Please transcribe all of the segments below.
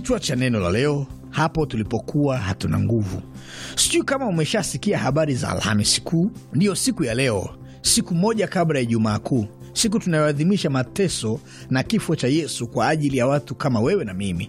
Kichwa cha neno la leo hapo tulipokuwa hatuna nguvu. Sijui kama umeshasikia habari za Alhamisi Kuu, ndiyo siku ya leo, siku moja kabla ya Ijumaa Kuu, siku tunayoadhimisha mateso na kifo cha Yesu kwa ajili ya watu kama wewe na mimi.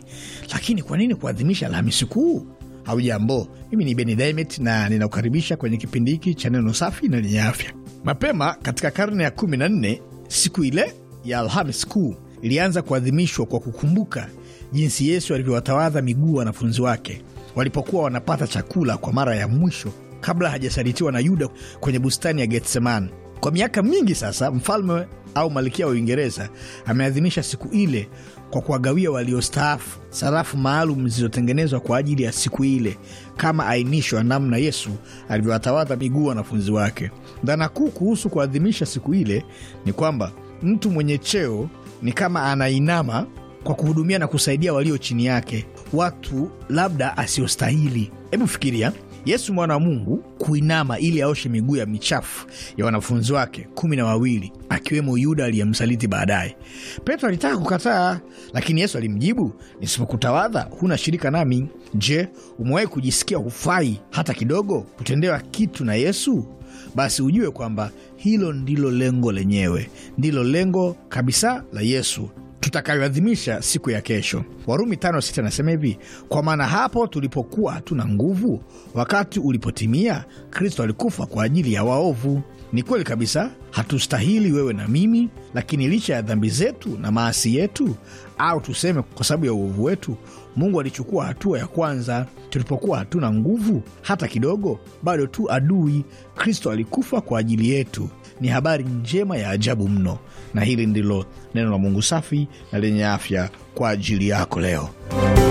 Lakini kwa nini kuadhimisha Alhamisi Kuu? Haujambo, mimi ni Beni Dimet na ninakukaribisha kwenye kipindi hiki cha neno safi na lenye afya. Mapema katika karne ya 14 siku ile ya Alhamisi Kuu ilianza kuadhimishwa kwa kukumbuka jinsi Yesu alivyowatawadha miguu wanafunzi wake walipokuwa wanapata chakula kwa mara ya mwisho kabla hajasalitiwa na Yuda kwenye bustani ya Getsemani. Kwa miaka mingi sasa, mfalme au malkia wa Uingereza ameadhimisha siku ile kwa kuwagawia waliostaafu sarafu maalum zilizotengenezwa kwa ajili ya siku ile, kama ainishwa ya namna Yesu alivyowatawadha miguu wanafunzi wake. Dhana kuu kuhusu kuadhimisha siku ile ni kwamba mtu mwenye cheo ni kama anainama kwa kuhudumia na kusaidia walio chini yake, watu labda asiostahili. Hebu fikiria Yesu mwana wa Mungu kuinama ili aoshe miguu ya michafu ya wanafunzi wake kumi na wawili akiwemo Yuda aliyemsaliti baadaye. Petro alitaka kukataa, lakini Yesu alimjibu, nisipokutawadha huna shirika nami. Je, umewahi kujisikia hufai hata kidogo kutendewa kitu na Yesu? Basi ujue kwamba hilo ndilo lengo lenyewe, ndilo lengo kabisa la Yesu tutakayoadhimisha siku ya kesho. Warumi tano sita anasema hivi, kwa maana hapo tulipokuwa hatuna nguvu, wakati ulipotimia, Kristo alikufa kwa ajili ya waovu. Ni kweli kabisa, hatustahili wewe na mimi, lakini licha ya dhambi zetu na maasi yetu, au tuseme kwa sababu ya uovu wetu, Mungu alichukua hatua ya kwanza. Tulipokuwa hatuna nguvu hata kidogo, bado tu adui, Kristo alikufa kwa ajili yetu. Ni habari njema ya ajabu mno, na hili ndilo neno la Mungu safi na lenye afya kwa ajili yako leo.